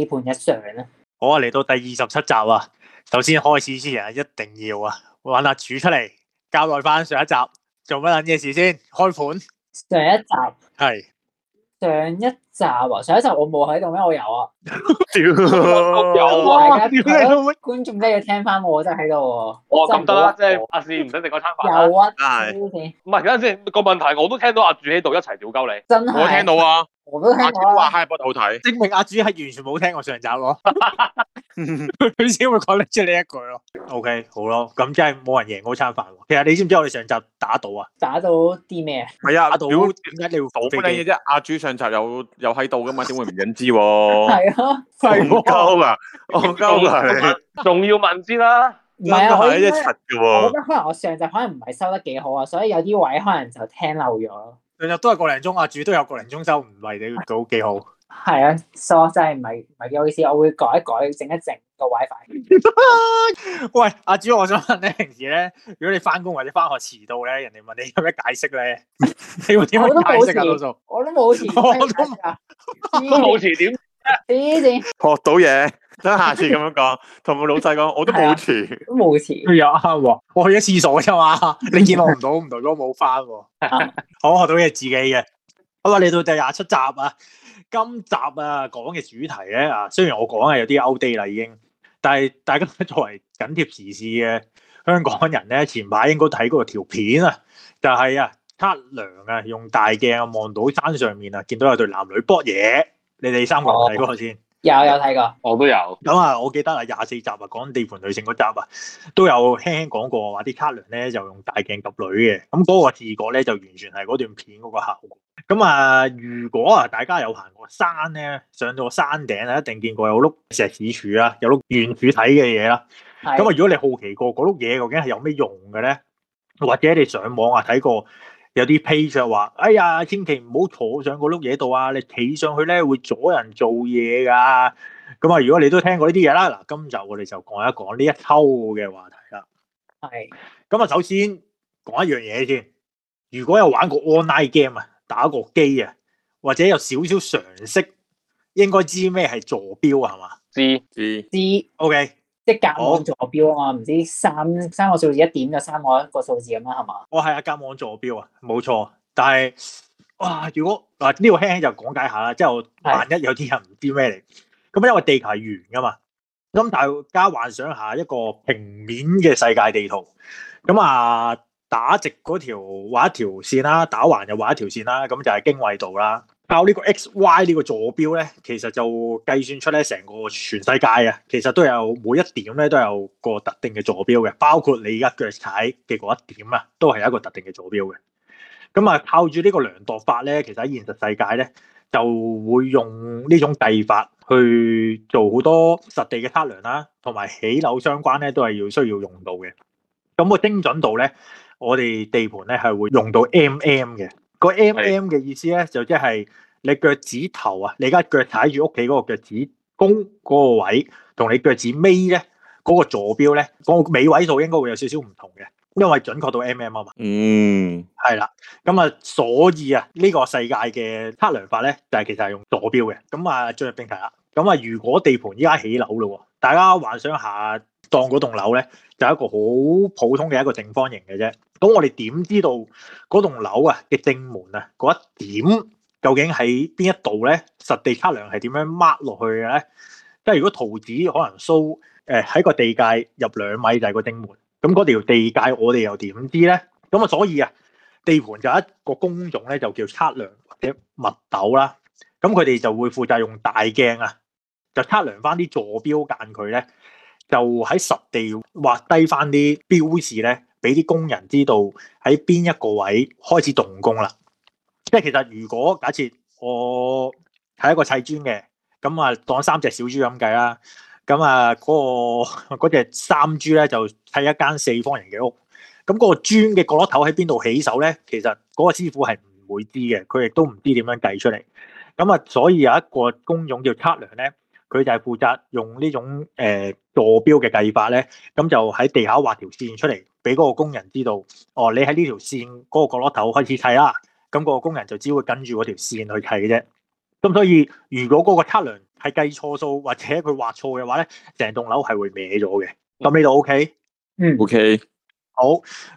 被判一常咧、啊，好啊！嚟到第二十七集啊，頭先開始先啊，一定要啊，揾下柱出嚟交代翻上一集做乜撚嘢事先，開盤。上一集。係。上一集啊，上一集我冇喺度咩？我有啊，觀眾真係要聽翻我真係喺度喎。哇，咁得啦，即係阿 Sir 唔使食嗰餐飯啦。係，唔係等陣先，個問題我都聽到阿主喺度一齊屌鳩你，我聽到啊，我都聽到啊，Highball 好睇，證明阿主係完全冇聽我上集咯。佢先 會講得出呢一句咯。O、okay, K，好咯，咁即係冇人贏嗰餐飯。其實你知唔知我哋上集打到啊？打到啲咩啊？係啊，打到點解你會冇呢嘢啫？阿、啊、主上集有有喺度噶嘛？點會唔忍知？係啊，戇鳩 啊，戇鳩啊。仲要問先啦。唔係一齊嘅。我覺得可能我上集可能唔係收得幾好啊，所以有啲位可能就聽漏咗。上集都係個零鐘，阿、啊、主都有個零鐘收，唔係你到幾好。 係啊，疏真係唔係唔係幾好意思，我會改一改，整一整個 wifi。喂，阿朱，我想問你平時咧，如果你翻工或者翻學遲到咧，人哋問你有咩解釋咧？你會點解釋啊？老我都冇遲，我都冇我都冇遲，點？學到嘢，等下次咁樣講，同個老細講，我都冇遲，都冇遲。又啱我去咗廁所啫嘛，你見我唔到，唔到如果冇翻。我學到嘢自己嘅，好啦，你到第廿七集啊。今集啊，講嘅主題咧啊，雖然我講係有啲 outdate 啦已經，但係大家作為緊貼時事嘅香港人咧，前排應該睇過條片啊，就係、是、啊測量啊用大鏡望到山上面啊，見到有對男女扑嘢，你哋三個睇過先。哦有有睇過，我都有。咁啊、嗯，我記得啊，廿四集啊，講地盤女性嗰集啊，都有輕輕講過話啲測量咧就用大鏡夾女嘅。咁嗰個視覺咧，就完全係嗰段片嗰個效果。咁啊，如果啊大家有行過山咧，上到個山頂啊，一定見過有碌石屎柱啊，有碌圓柱體嘅嘢啦。咁啊是，如果你好奇過嗰碌嘢究竟係有咩用嘅咧，或者你上網啊睇過。有啲 page 就話，哎呀，千祈唔好坐上個碌嘢度啊！你企上去咧會阻人做嘢噶。咁啊，如果你都聽過呢啲嘢啦，嗱，今集我哋就講一講呢一抽嘅話題啦。係是。咁啊，首先講一樣嘢先。如果有玩過 online game 啊，打過機啊，或者有少少常識，應該知咩係坐標啊？係嘛？知知知。O、嗯、K。Okay. 即係格網坐標啊嘛，唔、哦、知三三個數字一點就三個一個數字咁啦，係嘛？我係、哦、啊，格網坐標啊，冇錯。但係哇，如果啊呢度輕輕就講解下啦，即、就、係、是、萬一有啲人唔知咩嚟，咁是的 因為地球係圓噶嘛，咁大家幻想一下一個平面嘅世界地圖，咁、嗯、啊打直嗰條畫一條線啦，打橫就畫一條線啦，咁就係經緯度啦。靠呢個 X、Y 呢個坐標咧，其實就計算出咧成個全世界啊，其實都有每一點咧都有個特定嘅坐標嘅，包括你而家腳踩嘅嗰一點啊，都係一個特定嘅坐標嘅。咁啊，靠住呢個量度法咧，其實喺現實世界咧就會用呢種計法去做好多實地嘅測量啦，同埋起樓相關咧都係要需要用到嘅。咁個精準度咧，我哋地盤咧係會用到 mm 嘅。個 mm 嘅意思咧，就即、是、係你腳趾頭啊，你而家腳踩住屋企嗰個腳趾弓嗰個位，同你腳趾尾咧嗰、那個坐標咧，嗰、那個、尾位數應該會有少少唔同嘅，因為準確到 mm 啊嘛。嗯，係啦，咁啊，所以啊，呢、這個世界嘅測量法咧，就係、是、其實係用坐標嘅。咁啊，進入正題啦。咁啊，如果地盤依家起樓嘞喎，大家幻想下。當嗰棟樓咧就係一個好普通嘅一個正方形嘅啫，咁我哋點知道嗰棟樓啊嘅正門啊嗰一點究竟喺邊一度咧？實地測量係點樣 mark 落去嘅咧？即係如果圖紙可能 show 誒喺個地界入兩米就係個正門，咁嗰條地界我哋又點知咧？咁啊，所以啊，地盤就係一個工種咧就叫測量或者密斗啦，咁佢哋就會負責用大鏡啊，就測量翻啲坐標間距咧。就喺實地畫低翻啲標誌咧，俾啲工人知道喺邊一個位開始動工啦。即係其實如果假設我係一個砌磚嘅，咁啊當三隻小豬咁計啦，咁啊嗰隻三豬咧就砌一間四方形嘅屋，咁、那、嗰個磚嘅角落頭喺邊度起手咧，其實嗰個師傅係唔會知嘅，佢亦都唔知點樣計出嚟。咁啊，所以有一個工種叫測量咧。佢就係負責用呢種誒、呃、坐標嘅計法咧，咁就喺地下畫條線出嚟，俾嗰個工人知道，哦，你喺呢條線嗰、嗰個角落頭開始砌啦，咁個工人就只會跟住嗰條線去砌嘅啫。咁所以如果嗰個測量係計錯數或者佢畫錯嘅話咧，成棟樓係會歪咗嘅。咁呢度 OK，嗯，OK，好，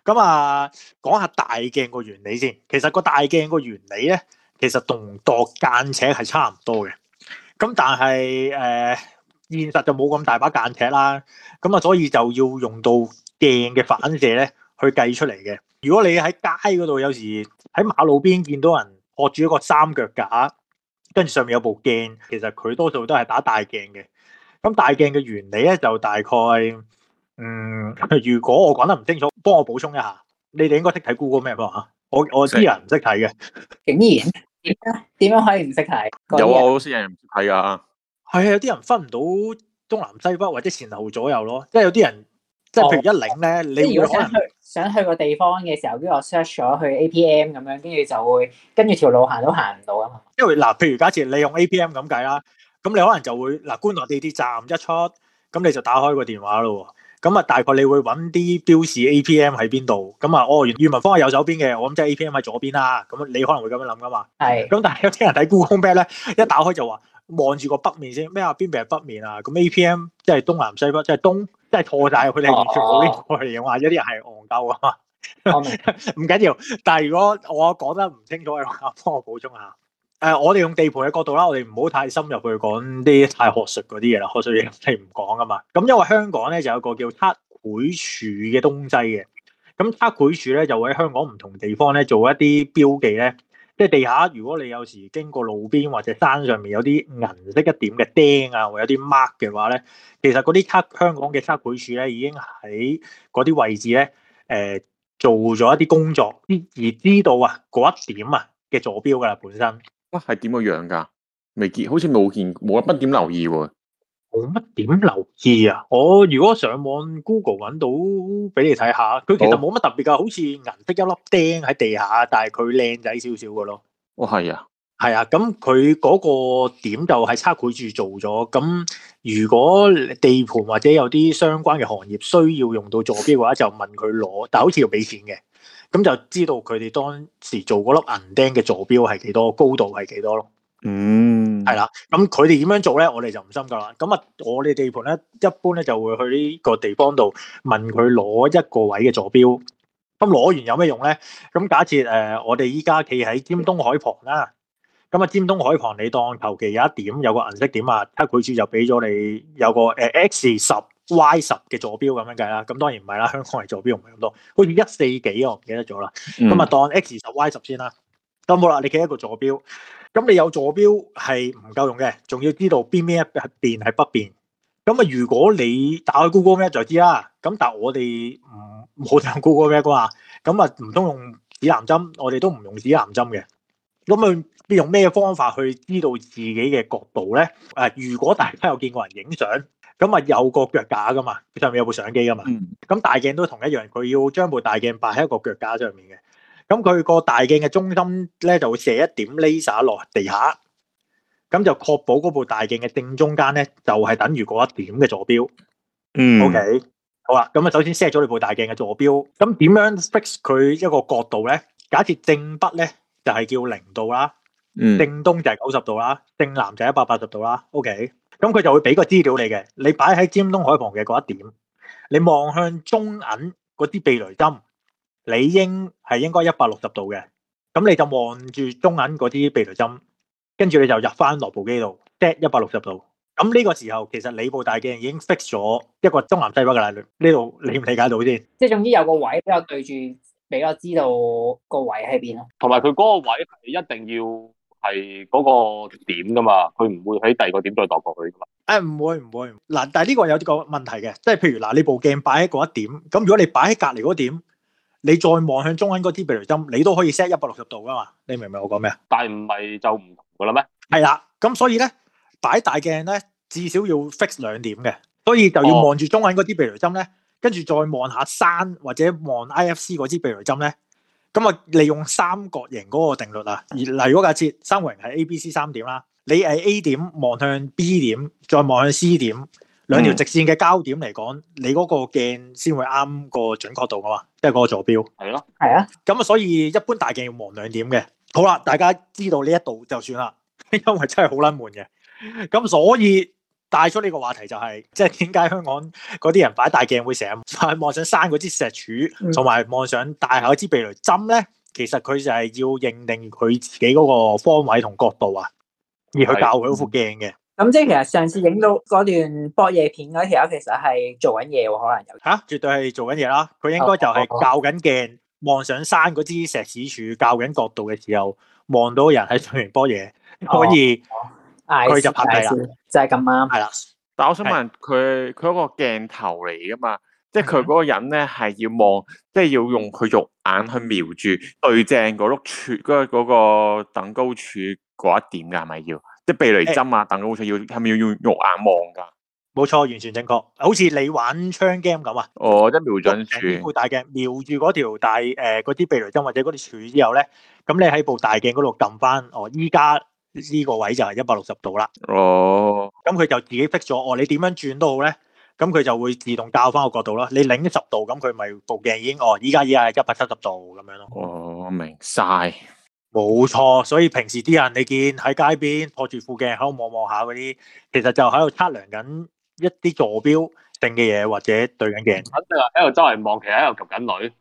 咁啊講下大鏡個原理先。其實個大鏡個原理咧，其實同度間尺係差唔多嘅。咁但係誒、呃，現實就冇咁大把間尺啦，咁啊，所以就要用到鏡嘅反射咧去計出嚟嘅。如果你喺街嗰度，有時喺馬路邊見到人握住一個三腳架，跟住上面有部鏡，其實佢多數都係打大鏡嘅。咁大鏡嘅原理咧，就大概嗯，如果我講得唔清楚，幫我補充一下，你哋應該識睇 Google 咩噃吓？我我啲人唔識睇嘅，竟然的。 點樣可以唔識睇？有啊，我識有人唔識睇㗎。係啊， 有啲人分唔到東南西北或者前後左右咯。即係有啲人，即係譬如一領咧，哦、你可能如果想去想去個地方嘅時候，咁我 search 咗去 A P M 咁樣，跟住就會跟住條路行都行唔到啊嘛。因為嗱，譬如假設你用 A P M 咁計啦，咁你可能就會嗱，觀塘地鐵站一出，咁你就打開個電話咯。咁啊，大概你會揾啲標示 A P M 喺邊度？咁啊，哦，裕民坊喺右手邊嘅，我諗即係 A P M 喺左邊啦。咁你可能會咁樣諗噶嘛？咁是但係有啲人睇《故宮咩咧》，一打開就話望住個北面先。咩啊？邊邊係北面啊？咁 A P M 即係東南西北，即係東，即係錯晒入去你完全冇拎過嚟嘅嘅話、哦、一啲人係戇鳩啊嘛。唔緊要， 白但係如果我講得唔清楚話，你幫我補充下。誒、呃，我哋用地盤嘅角度啦，我哋唔好太深入去講啲太學術嗰啲嘢啦，學術嘢係唔講噶嘛。咁因為香港咧就有一個叫測繪處嘅東西嘅，咁測繪處咧就會喺香港唔同地方咧做一啲標記咧，即係地下如果你有時經過路邊或者山上面有啲銀色一點嘅釘啊，或者有啲 mark 嘅話咧，其實嗰啲測香港嘅測繪處咧已經喺嗰啲位置咧，誒、呃、做咗一啲工作，而知道啊嗰一點啊嘅坐標噶啦本身。係點個樣噶？未見，好似冇見，冇乜點留意喎。冇乜點留意啊！我如果上網 Google 揾到俾你睇下，佢其實冇乜特別噶，好似銀色一粒釘喺地下，但係佢靚仔少少噶咯。哦，係啊，係啊，咁佢嗰個點就係測繪處做咗。咁如果地盤或者有啲相關嘅行業需要用到坐標嘅話，就問佢攞，但係好似要俾錢嘅。咁就知道佢哋當時做嗰粒銀釘嘅坐標係幾多，高度係幾多咯。嗯，係啦。咁佢哋點樣做咧？我哋就唔深究啦。咁啊，我哋地盤咧，一般咧就會去呢個地方度問佢攞一個位嘅坐標。咁攞完有咩用咧？咁假設誒，我哋依家企喺尖東海旁啦。咁啊，尖東海旁你當求其有一點有個銀色點啊，一佢處就俾咗你有個誒 X 十，Y 十嘅坐標咁樣計啦，咁當然唔係啦，香港嘅坐標唔係咁多，好似一四幾我唔記得咗啦。咁啊、嗯、當 X 十 Y 十先啦，得冇啦，你企一個坐標。咁你有坐標係唔夠用嘅，仲要知道邊邊一邊係北邊。咁啊，如果你打開 Google Map 就知啦。咁但係我哋唔好打 Google Map 噶嘛，咁啊唔通用指南針？我哋都唔用指南針嘅。咁啊，你用咩方法去知道自己嘅角度咧？誒，如果大家有見過人影相？咁啊，有個腳架噶嘛，上面有部相機噶嘛。咁、嗯、大鏡都同一樣，佢要將部大鏡擺喺一個腳架上面嘅。咁佢個大鏡嘅中心咧，就會射一點 laser 落地下，咁就確保嗰部大鏡嘅正中間咧，就係、是、等於嗰一點嘅坐標。嗯。O、okay? K，好啦，咁啊，首先 set 咗你部大鏡嘅坐標。咁點樣 fix 佢一個角度咧？假設正北咧就係、是、叫零度啦，嗯、正東就係九十度啦，正南就係一百八十度啦。O K。咁佢就會俾個資料你嘅，你擺喺尖東海旁嘅嗰一點，你望向中銀嗰啲避雷針，理應係應該一百六十度嘅。咁你就望住中銀嗰啲避雷針，跟住你就入翻落部機度，跌一百六十度。咁呢個時候其實你部大鏡已經 fix 咗一個東南西北噶啦，呢度你唔理解到先？即係總之有個位比較對住，比較知道個位喺邊咯。同埋佢嗰個位係一定要。係嗰個點噶嘛，佢唔會喺第二個點再度過去噶嘛。誒唔會唔會，嗱，但係呢個有個問題嘅，即係譬如嗱，你部鏡擺喺嗰一點，咁如果你擺喺隔離嗰點，你再望向中銀嗰啲避雷針，你都可以 set 一百六十度噶嘛。你明唔明我講咩啊？但係唔係就唔同噶啦咩？係啦，咁所以咧擺大鏡咧，至少要 fix 兩點嘅，所以就要望住中銀嗰啲避雷針咧，哦、跟住再望下山或者望 I F C 嗰支避雷針咧。咁啊，利用三角形嗰個定律啊，而例如架設三角形係 A、B、C 三點啦，你係 A 點望向 B 點，再望向 C 點，兩條直線嘅交點嚟講，你嗰個鏡先會啱個準確度噶嘛，即係嗰個坐標。係咯，係啊，咁啊，所以一般大鏡要望兩點嘅。好啦，大家知道呢一度就算啦，因為真係好撚悶嘅。咁所以。帶出呢個話題就係、是，即係點解香港嗰啲人擺大鏡會成日望上山嗰支石柱，同埋望上大口支避雷針咧？其實佢就係要認定佢自己嗰個方位同角度啊，而去教佢副鏡嘅。咁即係其實上次影到嗰段扑野片嗰條，其實係做緊嘢喎，可能有吓，啊，絕對係做緊嘢啦。佢應該就係教緊鏡望上山嗰支石柱，哦，石柱教緊角度嘅時候，望到人喺上面扑嘢。可以佢，哦哦，就拍低啦。哦啊啊啊啊啊就係咁啱，係啦。但係我想問佢，佢嗰的個鏡頭嚟噶嘛？即係佢嗰個人咧，係要望，即係要用佢肉眼去瞄住對正嗰碌柱，嗰、嗰、嗰、個嗰個等高柱嗰一點㗎，係咪要？即係避雷針啊，欸、等高柱要係咪要用肉眼望㗎？冇錯，完全正確。好似你玩槍 game 咁啊？哦，即係瞄準柱。大鏡瞄住嗰條大誒嗰啲避雷針或者嗰啲柱之後咧，咁你喺部大鏡嗰度撳翻，哦，依家呢個位就係一百六十度啦。哦。咁佢就自己逼咗哦，你點樣轉都好咧，咁佢就會自動校翻個角度咯。你擰十度，咁佢咪部鏡已經哦，依家依家係一百七十度咁樣咯。哦，現在現在哦明晒，冇錯，所以平時啲人你見喺街邊拖住副鏡喺度望望下嗰啲，其實就喺度測量緊一啲坐標定嘅嘢，或者對緊鏡。喺度周圍望，其實喺度及緊女。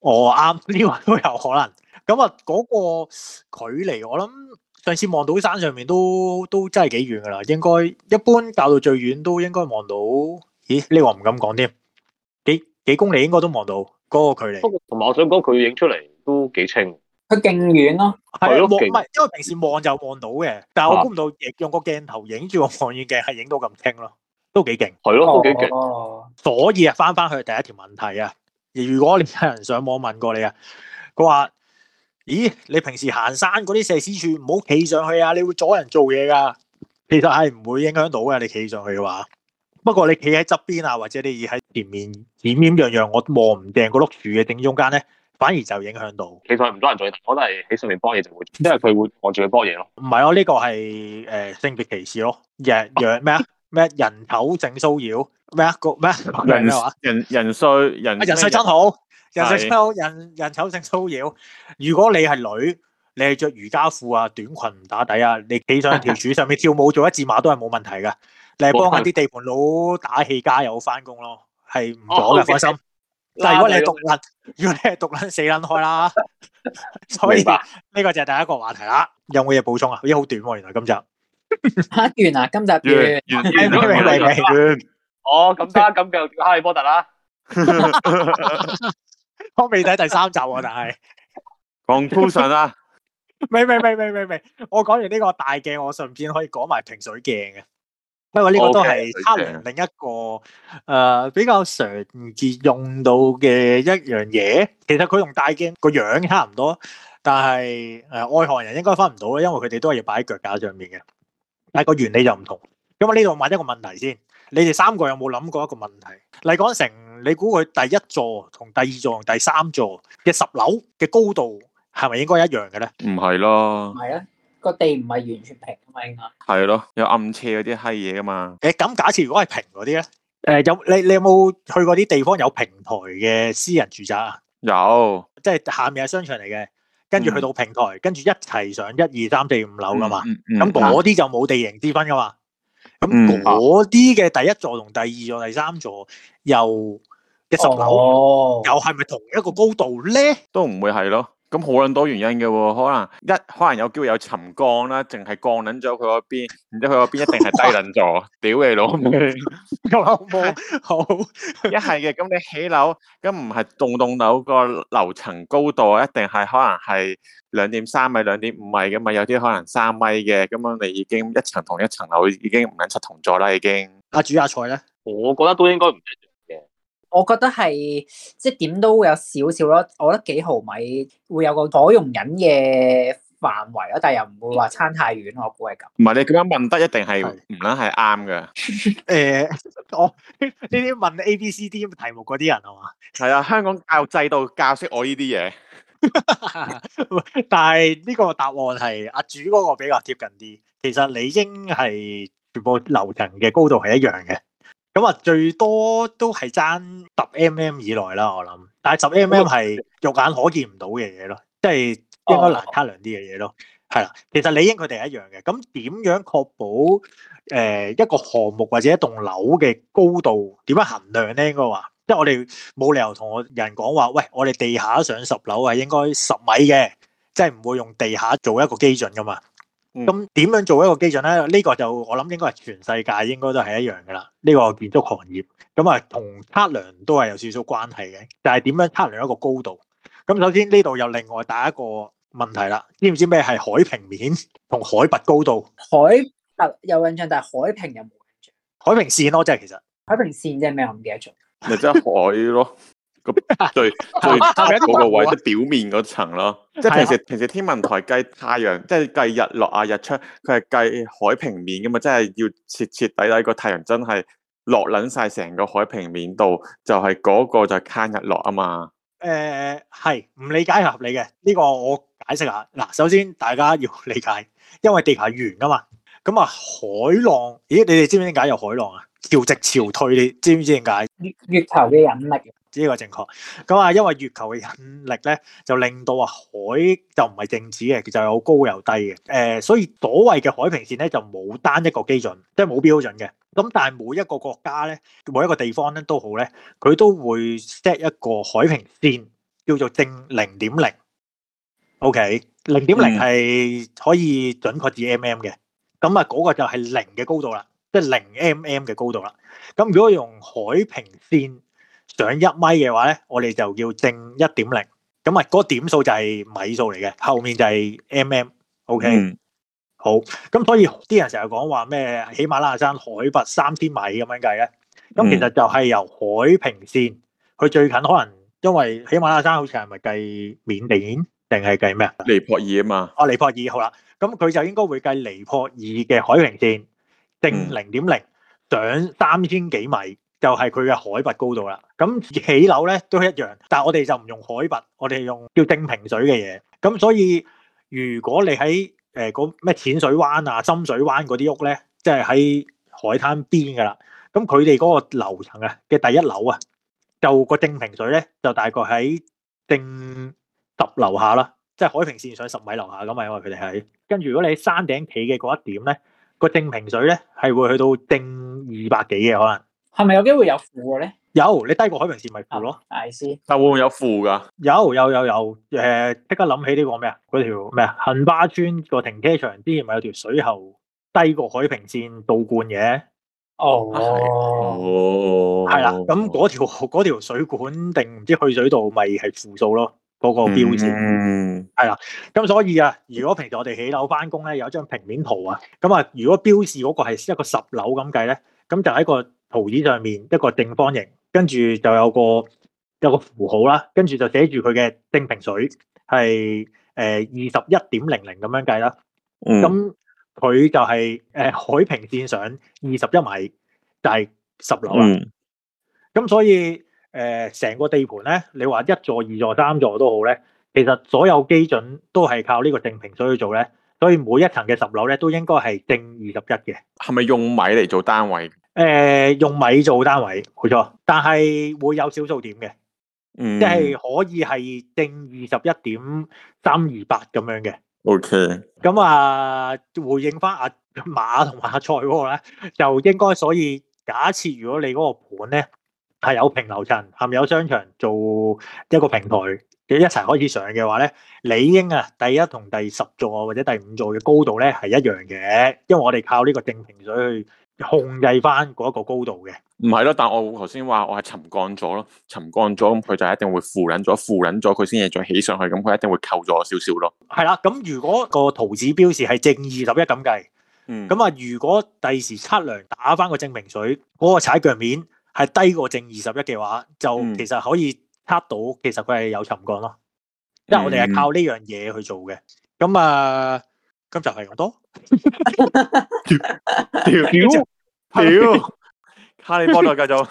哦，啱呢個都有可能。咁啊，嗰個距離我諗。上次望到山上面都都真係幾遠噶啦，應該一般較到最遠都應該望到，咦呢個唔敢講添，幾幾公里應該都望到嗰、那個距離。同埋我想講佢影出嚟都幾清，佢勁遠咯，係咯，唔係因為平時望就望到嘅，但係我估唔到用個鏡頭影住個望遠鏡係影到咁清咯，都幾勁，係咯，都幾勁。哦、所以啊，翻翻去第一條問題啊，如果你有人上網問過你啊，佢話。咦，你平時行山嗰啲石屎處唔好企上去啊，你會阻人做嘢㗎。其實係唔會影響到嘅，你企上去嘅話。不過你企喺側邊啊，或者你喺前面，點點樣樣我望唔定個碌柱嘅正中間咧，反而就影響到。其實唔多人做嘢，我都係喺上面幫嘢就會，因為佢會望住佢幫嘢咯。唔係咯，呢個係誒性別歧視咯，咩咩 人口整騷擾咩啊咩人話人人稅人啊人稅人真好。人醜人人醜性騷擾。如果你係女，你係着瑜伽褲啊、短裙唔打底啊，你企上條柱上面跳舞做一字馬都係冇問題嘅。你係幫下啲地盤佬打氣加油翻工咯，係唔阻嘅，放心。但係如果你係毒撚，哦、是如果你係毒撚死撚開啦。所以明白。呢個就係第一個話題啦。有冇嘢補充啊？依家好短喎，原來今日。完啦，今日完，啊、完，完。完哦，咁得，咁就續《哈利波特》啦。 我未睇第三集喎，但係 Conclusion 啦，未未未未未未，我講完呢個大鏡，我順便可以講埋平水鏡嘅，因為呢個都係差唔多另一個誒比較常見用到嘅一樣嘢。其實佢同大鏡個樣差唔多，但係誒外行人應該分唔到咯，因為佢哋都係要擺喺腳架上面嘅，但係個原理就唔同。咁我呢度問一個問題先。你哋三個有冇諗過一個問題？麗港城，你估佢第一座同第二座同第三座嘅十樓嘅高度係咪應該一樣嘅咧？唔係咯，係啊，個地唔係完全平啊嘛，係咯，有暗斜嗰啲係嘢噶嘛。誒咁，假設如果係平嗰啲咧，誒有你你有冇去過啲地方有平台嘅私人住宅啊？有，即係下面係商場嚟嘅，跟住去到平台，跟住一齊上一二三四五樓噶嘛。咁嗰啲就冇地形之分噶嘛。咁嗰啲嘅第一座同第二座、第三座又一十樓，又係咪同一個高度咧？都唔會係咯。咁好撚多原因嘅喎，可能一可能有機會有沉降啦，淨係降捻咗佢嗰邊，然之後佢嗰邊一定係低撚座， 屌你老母，冇？ 好，一係嘅，咁你起樓，咁唔係棟棟樓個樓層高度一定係可能係兩點三米、兩點五米嘅嘛，有啲可能三米嘅，咁樣你已經一層同一層樓已經唔捻七同座啦，已經。阿主阿菜咧，我覺得都應該唔我覺得係即係點都會有少少咯，我覺得幾毫米會有個可容忍嘅範圍咯，但係又唔會話差太遠，我估係咁。唔係你咁樣問得一定係唔啱係啱㗎？誒，我呢啲問 A、B、C、D 題目嗰啲人係嘛？係啊， 香港教育制度教識我呢啲嘢。 但係呢個答案係阿主嗰個比較貼近啲。其實理應係全部樓層嘅高度係一樣嘅。咁啊，最多都係爭十 mm 以內啦，我諗，但係十 mm 係肉眼可見唔到嘅嘢咯，即係應該難測量啲嘅嘢咯。係啦、哦，其實理應佢哋係一樣嘅。咁點樣確保誒、呃、一個項目或者一棟樓嘅高度點樣衡量咧？應該話，即係我哋冇理由同我人講話，喂，我哋地下上十樓係應該十米嘅，即係唔會用地下做一個基準噶嘛。嗯，咁點樣做一個基準咧？呢、這個就我諗應該係全世界應該都係一樣噶啦。呢、這個建築行業咁啊，同測量都係有少少關係嘅。但係點樣測量一個高度？咁首先呢度又另外第一個問題啦。知唔知咩係海平面同海拔高度？海拔有印象，但係海平有冇印象？海平線咯，啊，即係其實海平線即係咩？我唔記得咗。咪即係海咯。 最最嗰個位，即表面嗰層咯。即係平時、啊、平、時平時天文台計太陽，即係計日落啊日出，佢係計海平面噶嘛。即係要徹徹底底個太陽真係落捻晒成個海平面度，就係、是、嗰個就係卡日落啊嘛。誒、呃，係唔理解係合理嘅呢、這個，我解釋下嗱。首先大家要理解，因為地球係圓噶嘛。咁啊海浪，咦？你哋知唔知點解有海浪啊？潮汐潮退，你知唔知點解？月月球嘅引力。呢個正確，咁啊，因為月球嘅引力咧，就令到啊海就唔係靜止嘅，其實有高有低嘅。誒，所以所謂嘅海平線咧，就冇單一個基準，即係冇標準嘅。咁但係每一個國家咧，每一個地方咧都好咧，佢都會 set 一個海平線叫做正零點零。OK，零點零係可以準確至 mm 嘅。咁啊，嗰個就係零嘅高度啦，即係零 mm 嘅高度啦。咁如果用海平線上一米嘅話咧，我哋就叫正一點零，咁啊，嗰個點數就係米數嚟嘅，後面就係 mm。O.K.，好，咁所以啲人成日講話咩喜馬拉雅山海拔三千米咁樣計咧，咁其實就係由海平線，佢最近可能因為喜馬拉雅山好似係咪計緬甸定係計咩啊？尼泊爾啊嘛。啊，尼泊爾好啦，咁佢就應該會計尼泊爾嘅海平線，正零點零，上三千幾米。就係佢嘅海拔高度啦。咁起樓咧都一樣，但係我哋就唔用海拔，我哋用叫定平水嘅嘢。咁所以如果你喺誒嗰咩淺水灣啊、深水灣嗰啲屋咧，即係喺海灘邊㗎啦。咁佢哋嗰個樓層啊嘅第一樓啊，就個定平水咧就大概喺定十樓下啦，即係海平線上十米樓下咁啊，因為佢哋喺。跟住如果你喺山頂企嘅嗰一點咧，個定平水咧係會去到定二百幾嘅可能。係咪有機會有負嘅咧？有，你低過海平線咪負咯。大師、啊，但會唔會有負噶？有有有有，誒，即、呃、刻諗起呢個咩啊？嗰條咩啊？杏花村個停車場之前咪有條水喉低過海平線倒灌嘅。哦，係啦，咁嗰條條水管定唔知去水道咪係負數咯？嗰、嗰個標示係啦。咁、嗯、所以啊，如果平時我哋起樓翻工咧，有一張平面圖啊，咁啊，如果標示嗰個係一個十樓咁計咧，咁就係一個。圖紙上面一個正方形，跟住就有個有個符號啦，跟住就寫住佢嘅定平水係誒二十一點零零咁樣計啦。咁佢、嗯、就係、是、誒、呃、海平線上二十一米就係十樓啦。咁、嗯、所以誒成、呃、個地盤咧，你話一座、二座、三座都好咧，其實所有基準都係靠呢個定平水去做咧。所以每一層嘅十樓咧，都應該係定二十一嘅。係咪用米嚟做單位？誒、呃，用米做單位冇錯，但係會有小數點嘅，嗯、即係可以係定二十一點三二八咁樣嘅。OK，咁啊回應翻阿馬同埋阿蔡咧，就應該所以假設如果你嗰個盤咧係有平樓層，係咪有商場做一個平台嘅一齊開始上嘅話咧，理應啊第一同第十座或者第五座嘅高度咧係一樣嘅，因為我哋靠呢個定平水去。控制翻嗰個高度嘅，唔係咯，但係我頭先話我係沉降咗咯，沉降咗咁佢就一定會浮緊咗，浮緊咗佢先至再起上去，咁佢一定會扣咗我少少咯。係啦，咁如果個圖紙標示係正二十一咁計，咁啊，如果第、嗯、時測量打翻個證明水嗰、那個踩腳面係低過正二十一嘅話，就其實可以測到其實佢係有沉降咯，嗯、因為我哋係靠呢樣嘢去做嘅。咁啊，咁就係咁多。 屌，哈利波特繼續，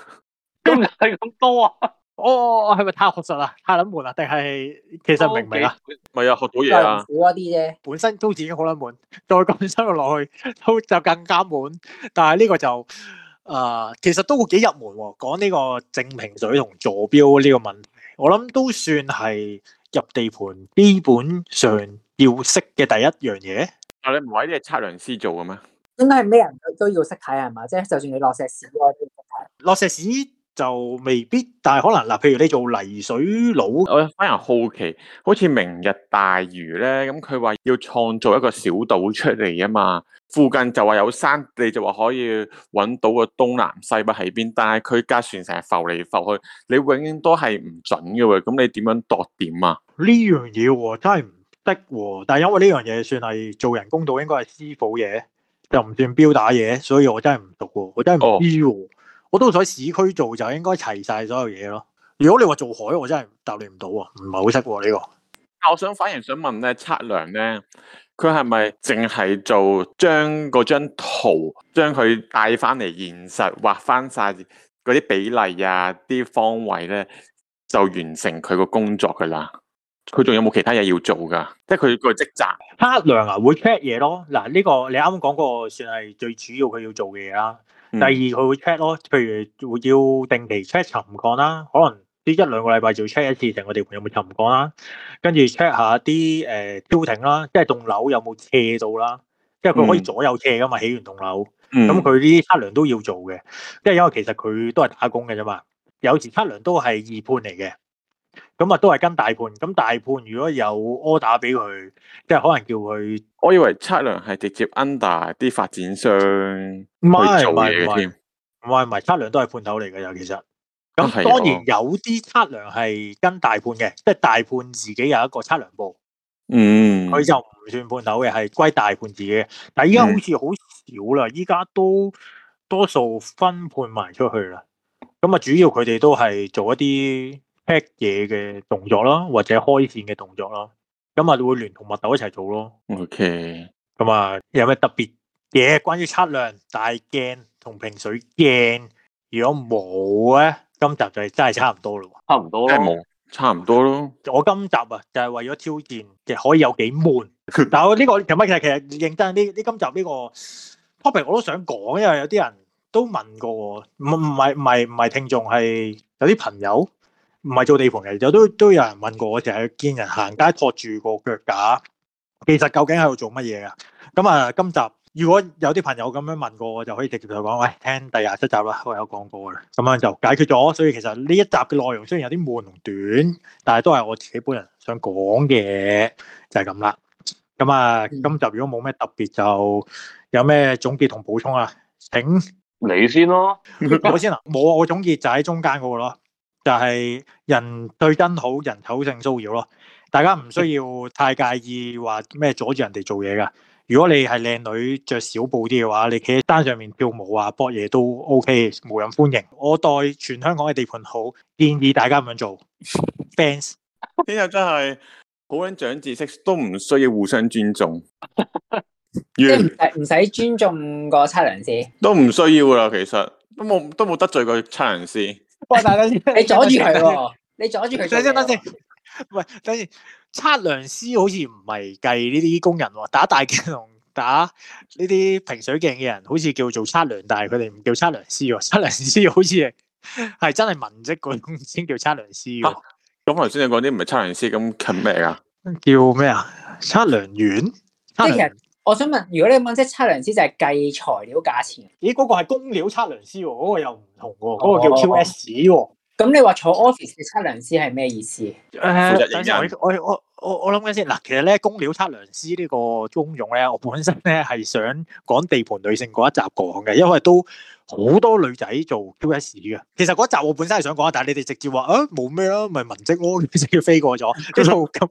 今日係咁多啊？哦，係咪太學術啊？太冷門啊？定係其實明唔明啊？唔係、okay. 啊，學到嘢啊，少一啲啫。本身都已經好冷門，再咁深入落去，都就更加悶。但係呢個就誒、呃，其實都會幾入門喎。講呢個正平水同坐標呢個問題，我諗都算係入地盤基本上要識嘅第一樣嘢。但你唔係啲測量師做嘅咩？應該係咩人都要識睇啊，係嘛？即係就算你落石屎，都識睇，落石屎就未必，但係可能嗱，譬如你做泥水佬，我反而好奇，好似明日大嶼咧，咁佢話要創造一個小島出嚟啊嘛，附近就話有山，你就話可以搵到個東南西北喺邊，但係佢架船成日浮嚟浮去，你永遠都係唔準嘅喎，咁你點樣度點啊？呢樣嘢真係唔得，但係因為呢樣嘢算係做人工島應該係師傅嘢。又唔算標打嘢，所以我真係唔熟喎，我真係唔知喎。Oh. 我都想喺市區做就應該齊晒所有嘢咯。如果你話做海，我真係答你唔到啊，唔係好識呢個。我想反而想問咧，測量咧，佢係咪淨係做將嗰張圖，將佢帶翻嚟現實，畫翻晒嗰啲比例啊，啲方位咧，就完成佢個工作噶啦？佢仲有冇其他嘢要做噶？即係佢個職責。測量啊，會 check 嘢咯。嗱、啊，呢、呢個你啱啱講過，算係最主要佢要做嘅嘢啦。嗯、第二佢會 check 咯，譬如會要定期 check 沉降啦，可能呢一兩個禮拜就 check 一次成個地盤有冇，睇我哋有冇沉降啦。跟住 check 下啲誒標頂啦，即係棟樓有冇斜到啦，即係佢可以左右斜噶嘛，嗯、起完棟樓。咁佢啲測量都要做嘅，即係因為其實佢都係打工嘅啫嘛，有時測量都係二判嚟嘅。咁啊，都係跟大盤。咁大盤如果有柯打俾佢，即係可能叫佢。我以為測量係直接 under 啲發展商去做嘢，唔係唔係測量都係判頭嚟嘅。又其實，咁當然有啲測量係跟大盤嘅，即係大盤自己有一個測量部。嗯，佢就唔算判頭嘅，係歸大盤自己。但係依家好似好少啦，依家、嗯、都多數分判埋出去啦。咁啊，主要佢哋都係做一啲。扑嘢嘅動作啦，或者開線嘅動作啦，咁啊會聯同密豆一齊做咯。O K，咁啊有咩特別嘢關於測量大鏡同平水鏡？如果冇咧，今集就真係差唔多咯。差唔多咯，差唔多咯。我今集啊就係為咗挑戰，其實可以有幾悶。 但我呢、這個有乜嘅？其實認真呢呢今集呢、這個 topic 我都想講，因為有啲人都問過我，唔唔係唔係唔係聽眾係有啲朋友。唔係做地盤嘅，就都都有人問過我，淨係見人行街托住個腳架，其實究竟喺度做乜嘢啊？咁啊，今集如果有啲朋友咁樣問過我，就可以直接同佢講：喂，聽第廿七集啦，我有講過啦，咁樣就解決咗。所以其實呢一集嘅內容雖然有啲悶同短，但係都係我自己本人想講嘅就係咁啦。咁啊，今集如果冇咩特別，就有咩總結同補充啊？請你先咯，我先啊，冇啊， 我總結就喺中間嗰個咯。就係人對真好人口性騷擾咯，大家唔需要太介意話咩阻住人哋做嘢噶。如果你係靚女着少布啲嘅話，你企喺山上面跳舞啊，扑嘢都 OK，無人歡迎。我代全香港嘅地盤好，建議大家咁樣做。fans 呢又真係好想長知識，都唔需要互相尊重。唔使 原尊重個測量師，都唔需要啦。其實都冇都冇得罪過測量師。哇！等先，你阻住佢喎，你阻住佢。等先，等先，喂，等先，測量師好似唔係計呢啲工人喎，打大鏡同打呢啲平水鏡嘅人，好似叫做測量，但係佢哋唔叫測量師喎，測量師好似係真係文職嗰種先叫測量師喎。啊。咁頭先你講啲唔係測量師，咁近咩啊？叫咩啊？測量員，測量員。我想問，如果你問即係測量師，就係計材料價錢。咦，嗰個係工料測量師喎，嗰個又唔同喎，嗰、哦、個叫 Q S 喎、哦。咁你話坐 office 嘅測量師係咩意思？誒、呃，等我我我我我諗緊先嗱，其實咧工料測量師個中呢個功用咧，我本身咧係想講地盤女性嗰一集講嘅，因為都好多女仔做 Q S 嘅。其實嗰一集我本身係想講，但係你哋直接話誒冇咩啦，咪、啊、文職咯，佢就要飛過咗，一路咁。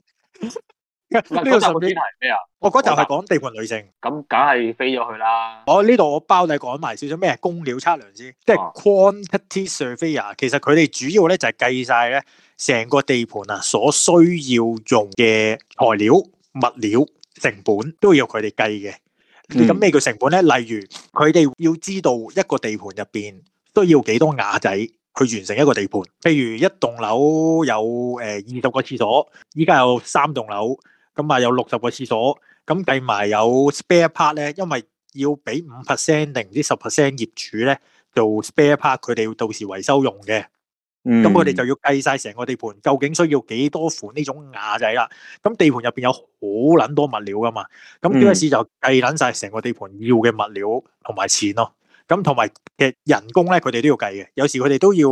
呢個上面係咩啊？我覺得就係講地盤女性，咁梗係飛咗去啦。我呢度我包你講埋少少咩？工料測量先，即係 quantity surveyor。其實佢哋主要咧就係計晒咧成個地盤啊，所需要用嘅材料物料、成本都要佢哋計嘅。咁咩叫成本咧？例如佢哋要知道一個地盤入邊都要幾多瓦仔去完成一個地盤。譬如一棟樓有誒二十個廁所，依家有三棟樓。咁啊有六十個廁所，咁計埋有 spare part 咧，因為要俾五 percent 定唔知十 percent 業主咧做 spare part，佢哋要到時維修用嘅。嗯，咁佢哋就要計晒成個地盤究竟需要幾多款呢種瓦仔啦。咁地盤入邊有好撚多物料噶嘛，咁呢個士就計撚晒成個地盤要嘅物料同埋錢咯。咁同埋嘅人工咧，佢哋都要計嘅。有時佢哋都要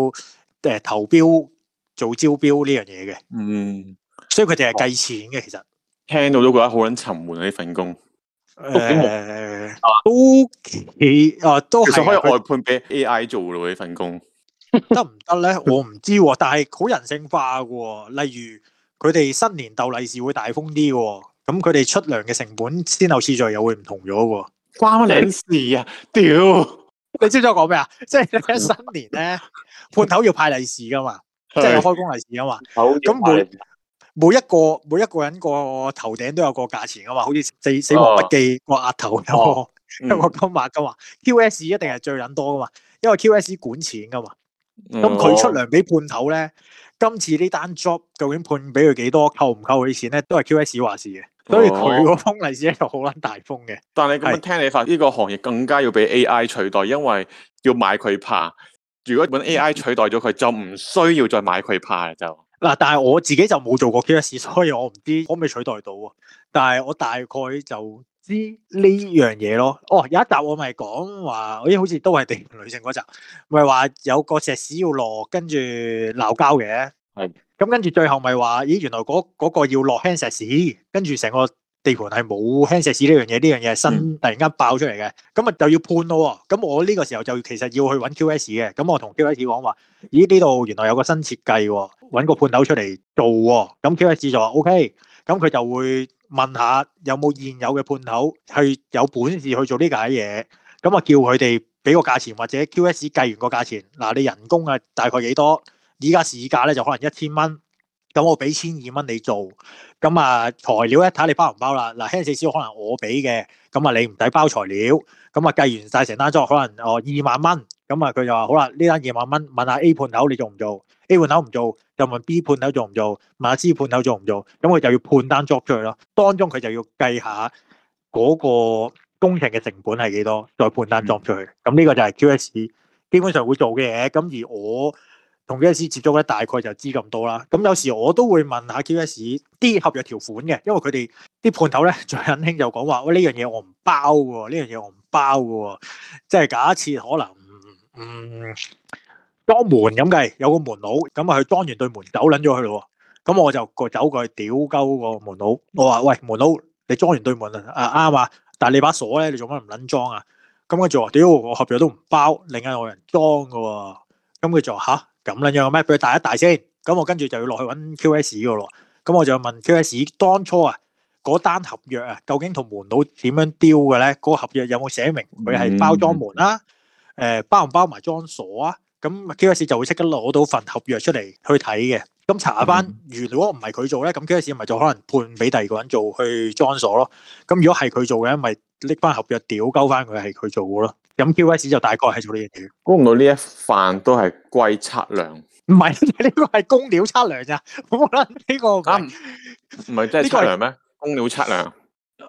誒投標、做招標呢樣嘢嘅。嗯，所以佢哋係計錢嘅其實。聽到都覺得好捻沉悶、呃、啊！呢份工，誒，都幾，啊，都其實可以外判俾 AI 做咯它呢份工，得唔得咧？我唔知，但係好人性化噶，例如佢哋新年斗利是會大風啲噶，咁佢哋出糧嘅成本先後次序又會唔同咗，關乜嘢事啊？屌， 你知唔知我講咩啊？ 即係喺新年咧，判頭要派利是噶嘛，即係 開工利是啊嘛，咁會的。本每一個每一個人個頭頂都有個價錢噶嘛，好似死死亡筆記個額，oh. 頭有個，oh. 金額噶嘛。 oh. Q S 一定係最捻多噶嘛，因為 Q S 管錢噶嘛。咁佢，oh. 出糧俾判頭咧，oh. 今次呢單 job 究竟，判俾佢幾多，扣唔扣佢啲錢咧，都係 Q S 話事嘅。Oh. 所以佢個封利，oh. 是一個好捻大封嘅。但係咁聽你話，呢，這個行業更加要俾 A I 取代，因為要買佢怕。如果本 A I 取代咗佢，就唔需要再買佢怕就。嗱，但係我自己就冇做過 K S，所以我唔知可唔可以取代到。但係我大概就知呢樣嘢咯。哦，有一集我咪講話，咦、哎，好似都係地雷性嗰集，咪話有個石屎要落，跟住鬧交嘅。係是，咁跟住最後咪話，咦，原來嗰、那、嗰、個那個要落輕石屎，跟住成個。地盤係冇輕石屎呢樣嘢，呢樣嘢新突然間爆出嚟嘅，咁啊、嗯、就要判咯。咁我呢個時候就其實要去揾 Q S 嘅，咁我同 Q S 講話，咦呢度原來有個新設計喎，揾個判頭出嚟做喎。咁 Q S 就話 O K，咁佢就會問下有冇現有嘅判頭去有本事去做呢家嘢，咁啊叫佢哋俾個價錢或者 Q S 計完個價錢嗱，你人工啊大概幾多？依家市價咧就可能一千蚊。咁我俾千二蚊你做，咁啊材料咧睇你包唔包啦。嗱、啊，輕少少可能我俾嘅，咁啊你唔使包材料，咁啊計完晒成單 job 可能哦二萬蚊，咁啊佢就話好啦，呢單二萬蚊問下 A 判頭你做唔做？A 判頭唔做，就問 B 判頭做唔做？問下 C 判頭做唔做？咁佢就要判單 job 出去咯。當中佢就要計下嗰個工程嘅成本係幾多，再判單 job 出去。咁呢個就係 QS 基本上會做嘅嘢。咁而我。同 QS 接觸咧，大概就知咁多啦。咁有時我都會問下 QS 啲合約條款嘅，因為佢哋啲判頭咧最忍輕就講話：喂，呢樣嘢我唔包嘅，呢樣嘢我唔包嘅。即係假設可能唔唔、嗯嗯、裝門咁計，有個門佬咁啊，佢裝完對門走撚咗佢咯。咁我就個走過去屌鳩個門佬，我話：喂，門佬，你裝完對門啊？啊啱啊，但係你把鎖咧，你做乜唔撚裝啊？咁佢就話：屌，我合約都唔包，另外我人裝嘅。咁佢就話：吓。」咁撚樣咩？俾佢大一大先，咁我跟住就要落去揾 QS 㗎咯。咁我就問 QS 當初啊，嗰單合約啊，究竟同門佬點樣雕嘅咧？嗰、嗰個合約有冇寫明佢係包裝門啦、啊嗯嗯呃？包唔包埋裝鎖啊？咁 QS 就會即刻攞到份合約出嚟去睇嘅。咁查下翻如果唔係佢做咧，咁 QS 咪就可能判俾第二個人做去裝鎖咯。咁如果係佢做嘅，咪拎翻合約屌鳩翻佢係佢做嘅咯。咁 QS 就大概係做呢樣嘢。估唔到呢一範都係歸測量。唔係，呢個係工料測量咋？好啦，呢個咁唔係真係測量咩？工料測量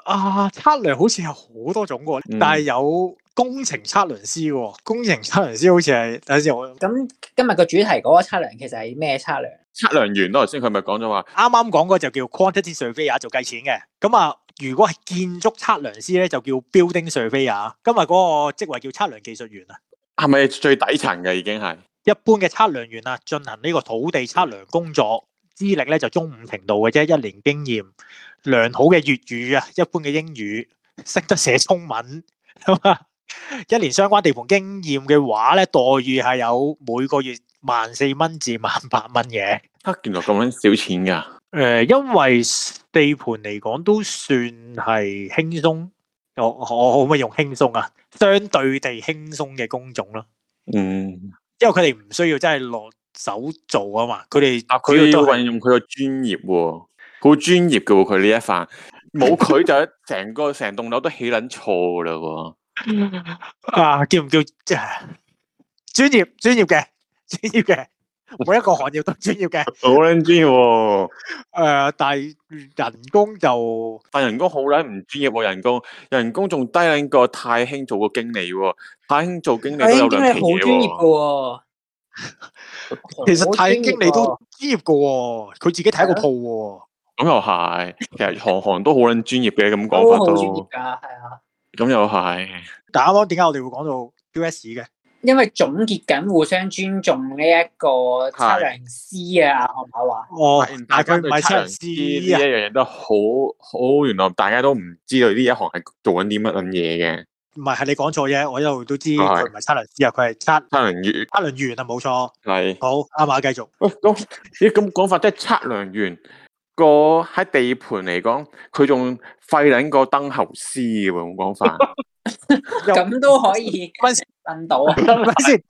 啊！測量，量、啊、量好似有好多種嘅，嗯、但係有工程測量師嘅。工程測量師好似係，等下先我。咁那今日個主題嗰個測量其實係咩測量？測量員咯，頭先佢咪講咗話，啱啱講嗰就叫 quantity survey，做計錢嘅。咁啊。如果係建築測量師咧，就叫 building survey 啊。今日嗰個職位叫測量技術員啊，係咪最底層嘅已經係？一般嘅測量員啊，進行呢個土地測量工作，資歷咧就中五程度嘅啫，一年經驗，良好嘅粵語啊，一般嘅英語，識得寫中文，一年相關地盤經驗嘅話咧，待遇係有每個月萬四蚊至萬八蚊嘅。哈，原來咁樣少錢噶。誒，因為地盤嚟講都算係輕鬆，我我可唔可以用輕鬆啊？相對地輕鬆嘅工種咯。嗯，因為佢哋唔需要真係落手做啊嘛，佢哋。啊，佢都運用佢個專業喎、哦，好專業嘅喎、哦，佢呢一翻，冇佢就成個成 棟樓都起捻錯啦喎、 啊。啊，叫唔叫即係專業？專業嘅，專業嘅。每一個行業都專業嘅，好捻專業喎。誒、呃，但係人工就但人工好捻，唔專業喎、啊。人工，人工仲低過泰興做個經理喎、啊。泰興做經理都有兩樣嘢喎。啊、 其實泰興經理都專業嘅、啊，佢自己睇個鋪喎。咁又係，其實行行都好捻專業嘅。咁講法都專業噶，係啊。咁又係。但啱啱點解我哋會講到 U.S. 嘅？因為總結緊互相尊重呢一個測量師啊，係咪話？哦，大家對測量師呢一樣嘢都好好，原來大家都唔知道呢一行係做緊啲乜撚嘢嘅。唔係，係你講錯嘢，我一路都知佢唔係測量師啊，佢係測測量員，測是、哦、量員啊，冇錯。係。好，阿馬，繼續。咁咦，咁講法即係測量員個喺地盤嚟講，佢仲廢緊個燈喉師喎，咁講法。 咁都 可以分分到啊！ 等下先，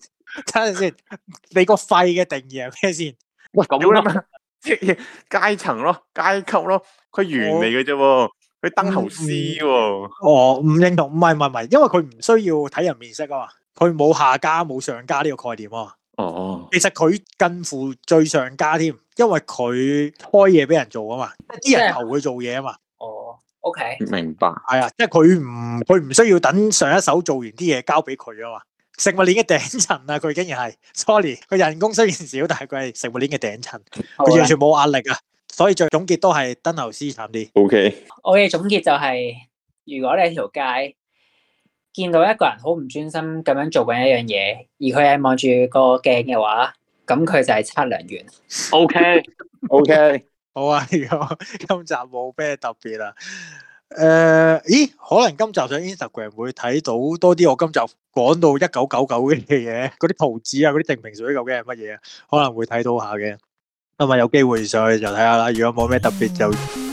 等下先，你個肺嘅定義係咩先？喂，咁啦嘛，階層咯，階級咯，佢原嚟嘅啫，佢登喉師喎。哦，唔認同，唔係唔係唔係，因為佢唔需要睇人面色啊嘛，佢冇下家冇上家呢個概念啊嘛。哦，哦，其實佢近乎最上家添，因為佢開嘢俾人做啊嘛，啲人求佢做嘢啊嘛。OK，明白，係啊，即係佢唔，佢唔需要等上一手做完啲嘢交俾佢啊嘛。食物鏈嘅頂層啊，佢竟然係，Sorry，佢人工雖然少，但係佢係食物鏈嘅頂層，佢完全冇壓力啊。所以最總結都係登油師慘啲。O K，我嘅總結就係，如果你喺條街見到一個人好唔專心咁樣做緊一樣嘢，而佢係望住個鏡嘅話，咁佢就係測量員。O K，O K。好啊，如果今集冇咩特別啊，誒、呃，咦，可能今集上 Instagram 會睇到多啲，我今集講到一九九九嘅嘢，嗰啲圖紙啊，嗰啲定平水究竟係乜嘢啊，可能會睇到下嘅，咁啊有機會上去就睇下啦，如果冇咩特別就。